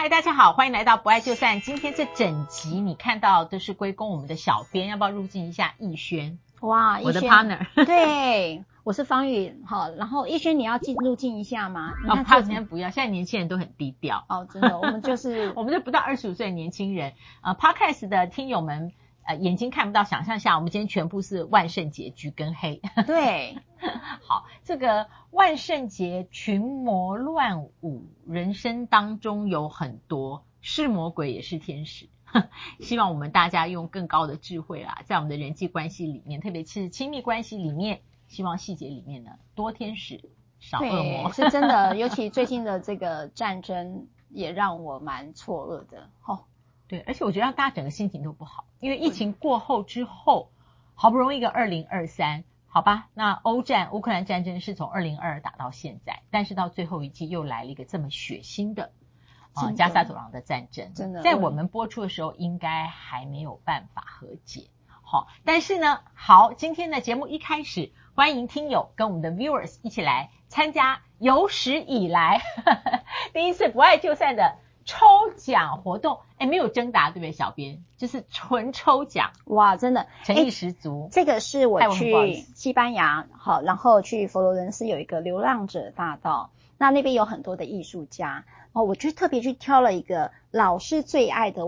嗨，Hi, 大家好，歡迎來到不愛就散。今天這整集你看到的是歸功我們的小編，要不要入鏡一下易軒？哇，我的 partner，對，我是方宇。好，然後易軒你要進入鏡一下嗎？啊今天不要，現在年輕人都很低調。哦，真的，我們就是 我們就不到二十五歲年輕人，呃 podcast 的聽友們。呃，眼睛看不到，想象下，我們今天全部是萬聖節，橘跟黑。 對，好，這個萬聖節群魔亂舞，人生當中有很多是魔鬼，也是天使。 希望我們大家用更高的智慧啊，在我們的人際關係裡面，特別是親密關係裡面，希望細節裡面呢多天使少惡魔。是真的，尤其最近的這個戰爭 也讓我蠻錯愕的，吼、哦。對，而且我覺得讓大家整個心情都不好，因為疫情過後之後，對好不容易一個二零二三，好吧，那歐戰、烏克蘭戰爭是從二零二二打到現在，但是到最後一季又來了一個這麼血腥的、的啊加薩走廊的戰爭，真的，真的在我們播出的時候應該還沒有辦法和解。好，但是呢，好，今天的節目一開始，歡迎聽友跟我們的 viewers 一起來參加有史以來呵呵第一次不愛就散的抽獎活動哎、欸，沒有徵答對不對？小編就是純抽獎哇，真的誠意十足、欸。這個是我去西班牙好，好，然後去佛羅倫斯有一個流浪者大道，那那邊有很多的藝術家哦，我就特別去挑了一個老師最愛的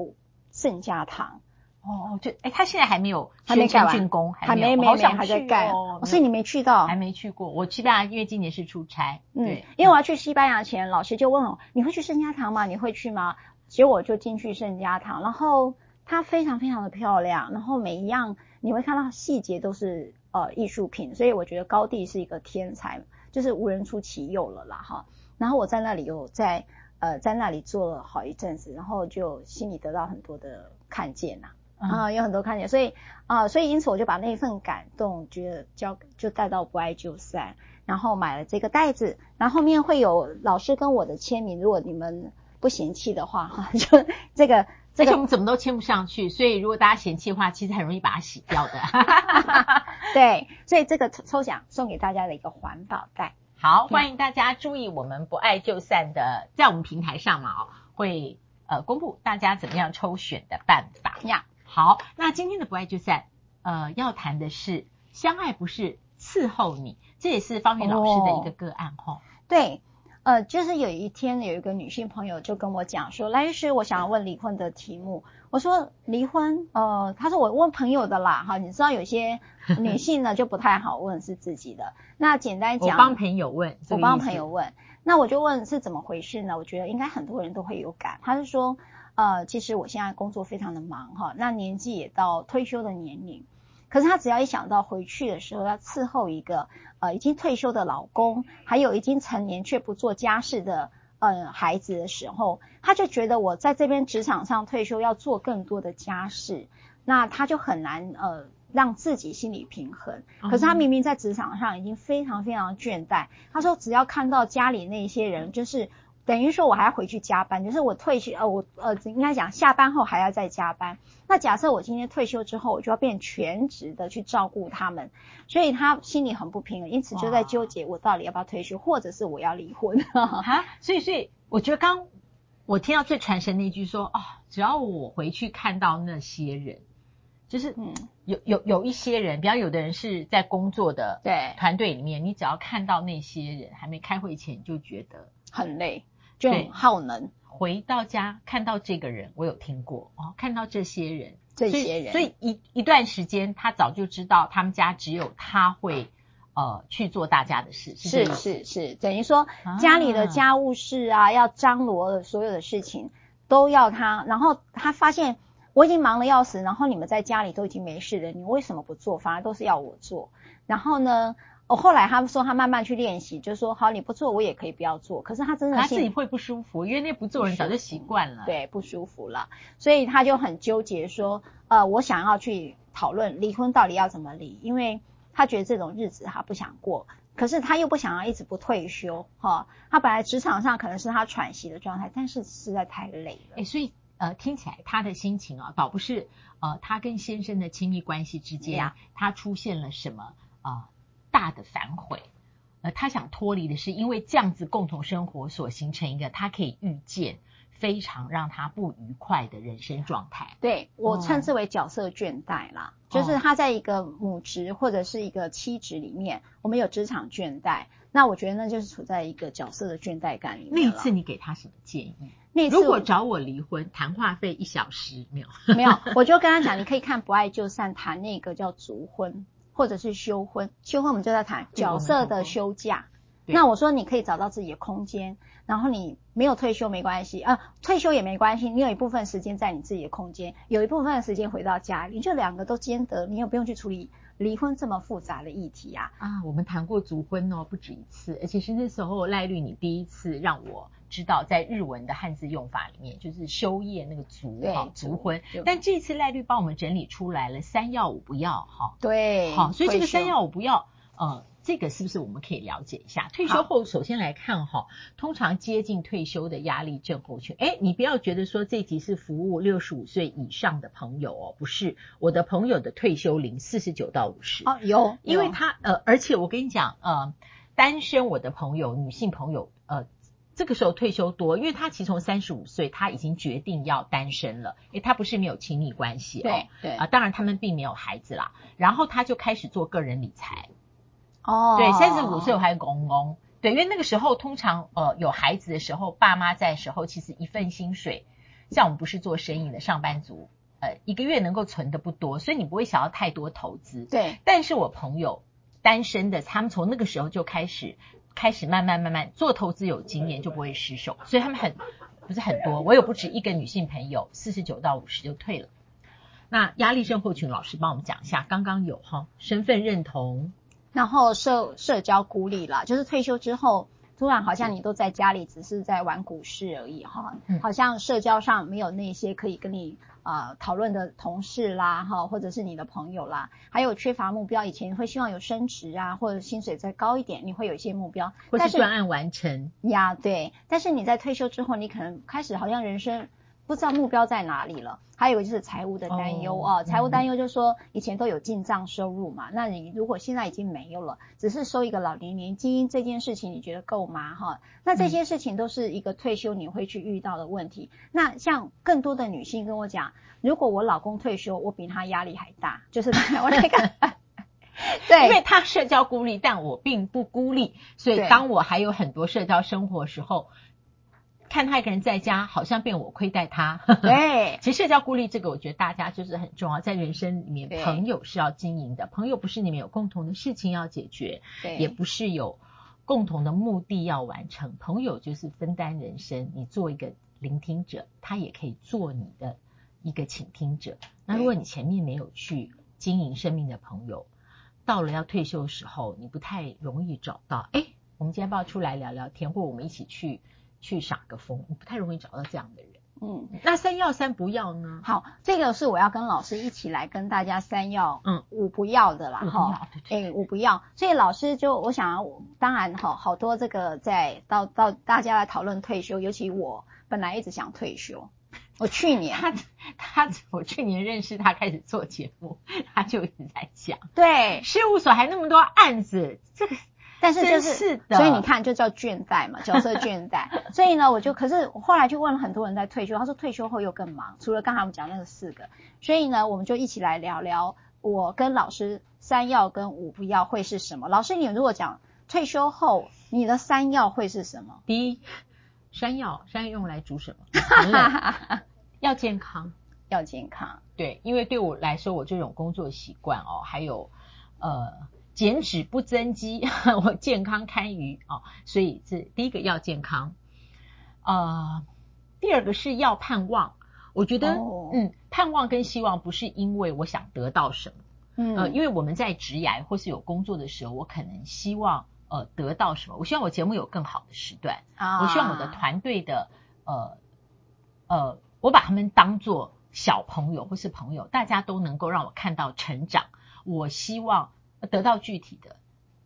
聖家堂。哦，就哎，他現在還沒有還沒蓋完，竣工還沒，還沒沒沒好想去哦，所以你沒去到，還沒去過。我去那，因為今年是出差，嗯，因為我要去西班牙前，老師就問我，你會去聖家堂嗎？你會去嗎？結果我就進去聖家堂，然後它非常非常的漂亮，然後每一樣你會看到細節都是呃藝術品，所以我覺得高迪是一個天才，就是無人出其右了啦哈。然後我在那裡又在呃在那裡坐了好一陣子，然後就心裡得到很多的看見吶、啊。嗯、啊，有很多看點，所以啊，所以因此我就把那份感動覺得交就帶到不愛就散，然後買了這個袋子，然後後面會有老師跟我的簽名，如果你們不嫌棄的話，啊、就這個這個我們怎麼都簽不上去，所以如果大家嫌棄的話，其實很容易把它洗掉的，哈哈哈。對，所以這個抽抽獎送給大家的一個環保袋，好，嗯、歡迎大家注意，我們不愛就散的在我們平台上嘛哦，會呃公布大家怎麼樣抽選的辦法呀。嗯好，那今天的不愛就散，呃，要談的是相愛不是伺候你，這也是方云老師的一個個案吼，哦。對，呃，就是有一天有一個女性朋友就跟我講說，賴律師，我想要問離婚的題目。我說離婚，呃，他說我問朋友的啦，哈，你知道有些女性呢 就不太好問是自己的。那簡單講，我幫朋友問，我幫朋友問，那我就問是怎麼回事呢？我覺得應該很多人都會有感，他是說。呃，其實我現在工作非常的忙哈，那年紀也到退休的年齡，可是他只要一想到回去的時候要伺候一個呃已經退休的老公，還有已經成年卻不做家事的呃孩子的時候，他就覺得我在這邊職場上退休要做更多的家事，那他就很難呃讓自己心理平衡。可是他明明在職場上已經非常非常倦怠，他說只要看到家裡那些人就是。等於說，我還要回去加班，就是我退休，呃，我呃，應該講下班後還要再加班。那假設我今天退休之後，我就要變全職的去照顧他們，所以他心裡很不平衡，因此就在糾結，我到底要不要退休，哇或者是我要離婚哈哈，啊，所以所以，我覺得剛我聽到最傳神的一句說，啊，哦，只要我回去看到那些人，就是，嗯，有有有一些人，比方有的人是在工作的對團隊裡面，對你只要看到那些人還沒開會前，就覺得很累。就耗能，回到家看到這個人，我有聽過哦。看到這些人，這些人，所以，所以一一段時間，他早就知道他們家只有他會、啊、呃去做大家的事，是這樣的，是是是，等於說、啊、家裡的家務事啊，要張羅的所有的事情都要他。然後他發現我已經忙得要死，然後你們在家裡都已經沒事了，你為什麼不做？反而都是要我做？然後呢？哦，後來他說他慢慢去練習，就說好，你不做，我也可以不要做。可是他真的他自己會不舒服，舒服因為那不做人早就習慣了，對，不舒服了。所以他就很糾結說，說呃，我想要去討論離婚到底要怎麼離，因為他覺得這種日子他不想過。可是他又不想要一直不退休哈、啊，他本來職場上可能是他喘息的狀態，但是實在太累了。欸、所以呃，聽起來他的心情啊，倒不是呃，他跟先生的親密關係之間、啊，對他出現了什麼啊？呃大的反悔，呃，他想脫離的是因為這樣子共同生活所形成一個他可以預見非常讓他不愉快的人生狀態。對，我稱之為角色倦怠啦，哦、就是他在一個母職或者是一個妻職裡面，哦、我們有職場倦怠，那我覺得那就是處在一個角色的倦怠感裡面。那一次你給他什麼建議？那一次我如果找我離婚，談話費一小時沒有？ 沒有，我就跟他講，你可以看《不愛就散》，談那個叫“足婚”。或者是休婚，休婚我們就在談角色的休假。沒有沒有，那我說你可以找到自己的空間，對然後你沒有退休沒關係啊，退休也沒關係，你有一部分時間在你自己的空間，有一部分的時間回到家裡，你就兩個都兼得，你也不用去處理。離婚這麼複雜的議題呀、啊，啊，我們談過卒婚呢、哦，不止一次，而且是那時候賴律你第一次讓我知道，在日文的漢字用法裡面，就是修業那個卒，哈對，卒、哦、婚。就但這次賴律幫我們整理出來了三要五不要，哈、哦，對，好，所以這個三要五不要，嗯修。呃這個是不是我們可以了解一下？退休後，首先來看哈、哦，好通常接近退休的壓力症候群。哎，你不要覺得說這集是服務六十五歲以上的朋友哦，不是，我的朋友的退休齡四十九到五十。哦，有，有因為他呃，而且我跟你講單、呃、單身我的朋友，女性朋友呃，這個時候退休多，因為他其實從三十五歲他已經決定要單身了，哎，他不是沒有親密關係哦，對，啊、呃，當然他們並沒有孩子啦，然後他就開始做個人理財。哦，oh. 對，三十五歲我還有公公。對，因為那個時候通常呃有孩子的時候，爸媽在的時候，其實一份薪水，像我們不是做生意的上班族，呃，一個月能夠存的不多，所以你不會想要太多投資。對，但是我朋友單身的，他們從那個時候就開始開始慢慢慢慢做投資，有經驗就不會失手，所以他們很，不是很多，我有不止一個女性朋友，四十九到五十就退了。那壓力症候群老師幫我們講一下，剛剛有哈身份認同。然後社社交孤立了，就是退休之後，突然好像你都在家裡，只是在玩股市而已哈，好像社交上沒有那些可以跟你呃討論的同事啦哈，或者是你的朋友啦，還有缺乏目標，以前會希望有升職啊，或者薪水再高一點，你會有一些目標，或是專案完成呀，對，但是你在退休之後，你可能開始好像人生。不知道目標在哪裡了，還有一個就是財務的擔憂啊，哦、哦、財務擔憂就是說以前都有進賬收入嘛，嗯、那你如果現在已經沒有了，只是收一個老年年金這件事情，你覺得夠嗎？哈，那這些事情都是一個退休你會去遇到的問題。嗯、那像更多的女性跟我講，如果我老公退休，我比他壓力還大，就是我那個， 對，因為他社交孤立，但我並不孤立，所以當我還有很多社交生活時候。看他一個人在家，好像變我虧待他。對， 其實社交孤立這個，我覺得大家就是很重要，在人生裡面，朋友是要經營的。朋友不是你們有共同的事情要解決，對也不是有共同的目的要完成。朋友就是分擔人生，你做一個聆聽者，他也可以做你的一個傾聽者。那如果你前面沒有去經營生命的朋友，到了要退休的時候，你不太容易找到。哎、欸，我們今天要不要出來聊聊天，或我們一起去？去耍個瘋，我不太容易找到這樣的人。嗯，那三要三不要呢？好，這個是我要跟老師一起來跟大家三要，嗯，五不要的啦哈。哎、欸，我不要，所以老師就我想要，當然哈，好多這個在到到大家來討論退休，尤其我本來一直想退休，我去年他他，他我去年認識他開始做節目，他就一直在講，對，事務所還那麼多案子，這個。但是就是，是所以你看，就叫倦怠嘛，角色倦怠。 所以呢，我就可是我後來就問了很多人在退休，他說退休後又更忙，除了剛才我們講那個四個。所以呢，我們就一起來聊聊我跟老師三要跟五不要會是什麼。老師，你如果講退休後你的三要會是什麼？第一，山藥，山藥用來煮什麼？ 要健康，要健康。對，因為對我來說，我這種工作習慣哦，還有呃。減脂不增肌， 我健康堪虞，哦、所以這第一個要健康。呃，第二個是要盼望。我覺得，哦、嗯，盼望跟希望不是因為我想得到什麼，嗯、呃，因為我們在職涯或是有工作的時候，我可能希望呃得到什麼？我希望我節目有更好的時段啊，我希望我的團隊的呃呃，我把他們當作小朋友或是朋友，大家都能夠讓我看到成長。我希望。得到具體的，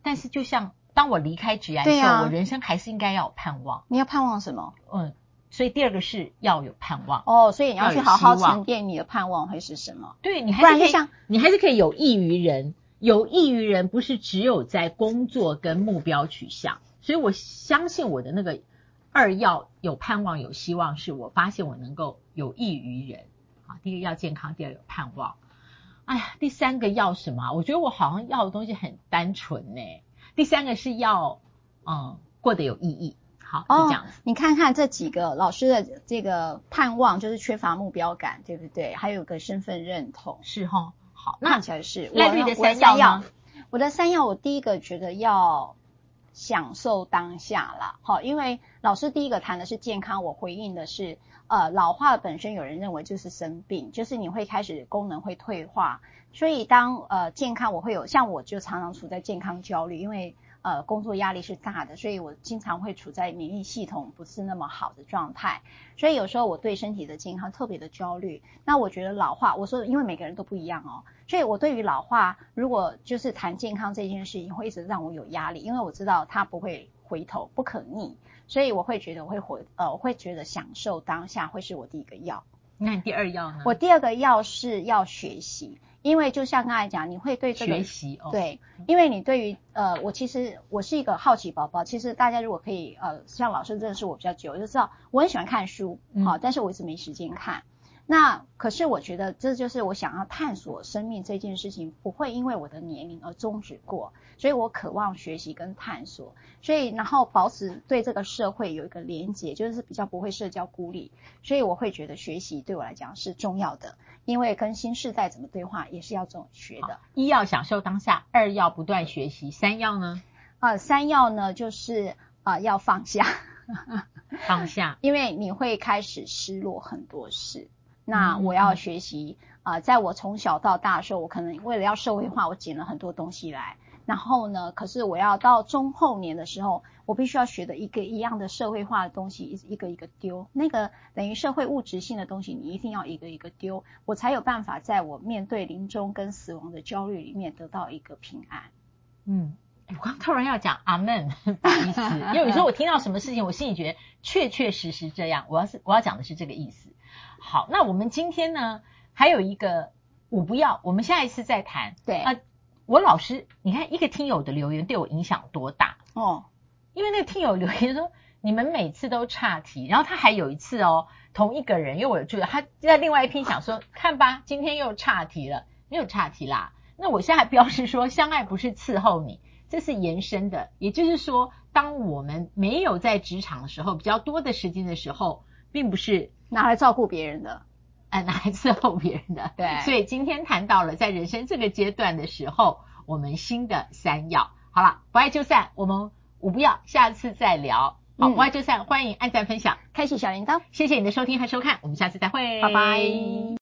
但是就像當我離開職涯的時候，啊、我人生還是應該要有盼望。你要盼望什麼？嗯，所以第二個是要有盼望。哦，oh, 所以你要去好好沉澱你的盼望會是什麼？對，你還是可以像你還是可以有益於人，有益於人不是只有在工作跟目標取向。所以我相信我的那個二，要有盼望、有希望，是我發現我能夠有益於人。好、啊，第一個要健康，第二有盼望。哎呀，第三個要什麼？我覺得我好像要的東西很單純欸。第三個是要，嗯，過得有意義。好，就這樣子。哦，你看看這幾個老師的這個盼望，就是缺乏目標感，對不對？還有一個身份認同。是齁。好，那才是。我的三要，我的三要，我第一個覺得要享受當下啦。好，因為老師，第一個談的是健康，我回應的是，呃，老化本身有人認為就是生病，就是你會開始功能會退化，所以當，呃，健康我會有，像我就常常處在健康焦慮，因為。呃，工作壓力是大的，所以我經常會處在免疫系統不是那麼好的狀態，所以有時候我對身體的健康特別的焦慮。那我覺得老化，我說因為每個人都不一樣哦，所以我對於老化，如果就是談健康這件事情，會一直讓我有壓力，因為我知道它不會回頭，不可逆，所以我會覺得我會活，呃，我會覺得享受當下會是我第一個要。那你第二要呢？我第二個要是要學習，因為就像剛才講，你會對這個學習習哦，對，嗯、因為你對於呃，我其實我是一個好奇寶寶。其實大家如果可以呃，像老師認識我比較久，我就知道我很喜歡看書，好、呃，嗯、但是我一直沒時間看。那可是我覺得，這就是我想要探索生命這件事情不會因為我的年齡而終止過，所以我渴望學習跟探索，所以然後保持對這個社會有一個連結，就是比較不會社交孤立，所以我會覺得學習對我來講是重要的，因為跟新世代怎麼對話也是要這種學的。啊。一要享受當下，二要不斷學習，三要呢？啊、呃，三要呢就是啊、呃、要放下， 嗯、放下，因為你會開始失落很多事。那我要學習啊，嗯嗯呃，在我從小到大的時候，我可能為了要社會化，我撿了很多東西來。然後呢，可是我要到中後年的時候，我必須要學的一個一樣的社會化的東西，一一個一個丟。那個等於社會物質性的東西，你一定要一個一個丟，我才有辦法在我面對臨終跟死亡的焦慮裡面得到一個平安。嗯，我剛突然要講阿門，不好意思， 因為有時候我聽到什麼事情， 我心裡覺得確確實實這樣，我要是，我要講的是這個意思。好，那我們今天呢，還有一個我不要，我們下一次再談。對啊、呃，我老師，你看一個聽友的留言對我影響多大哦？因為那個聽友留言說你們每次都岔題，然後他還有一次哦，同一個人，因為我有注意，他在另外一篇想說，看吧，今天又岔題了。沒有岔題啦。那我現在表示說，相愛不是伺候你，這是延伸的，也就是說，當我們沒有在職場的時候，比較多的時間的時候，並不是。拿來照顧別人的，哎、呃，拿來伺候別人的，對。所以今天談到了在人生這個階段的時候，我們新的三要。好了，不愛就散，我們五不要，下次再聊。好，嗯、不愛就散，歡迎按讚分享，開啟小鈴鐺。謝謝你的收聽和收看，我們下次再會，拜拜。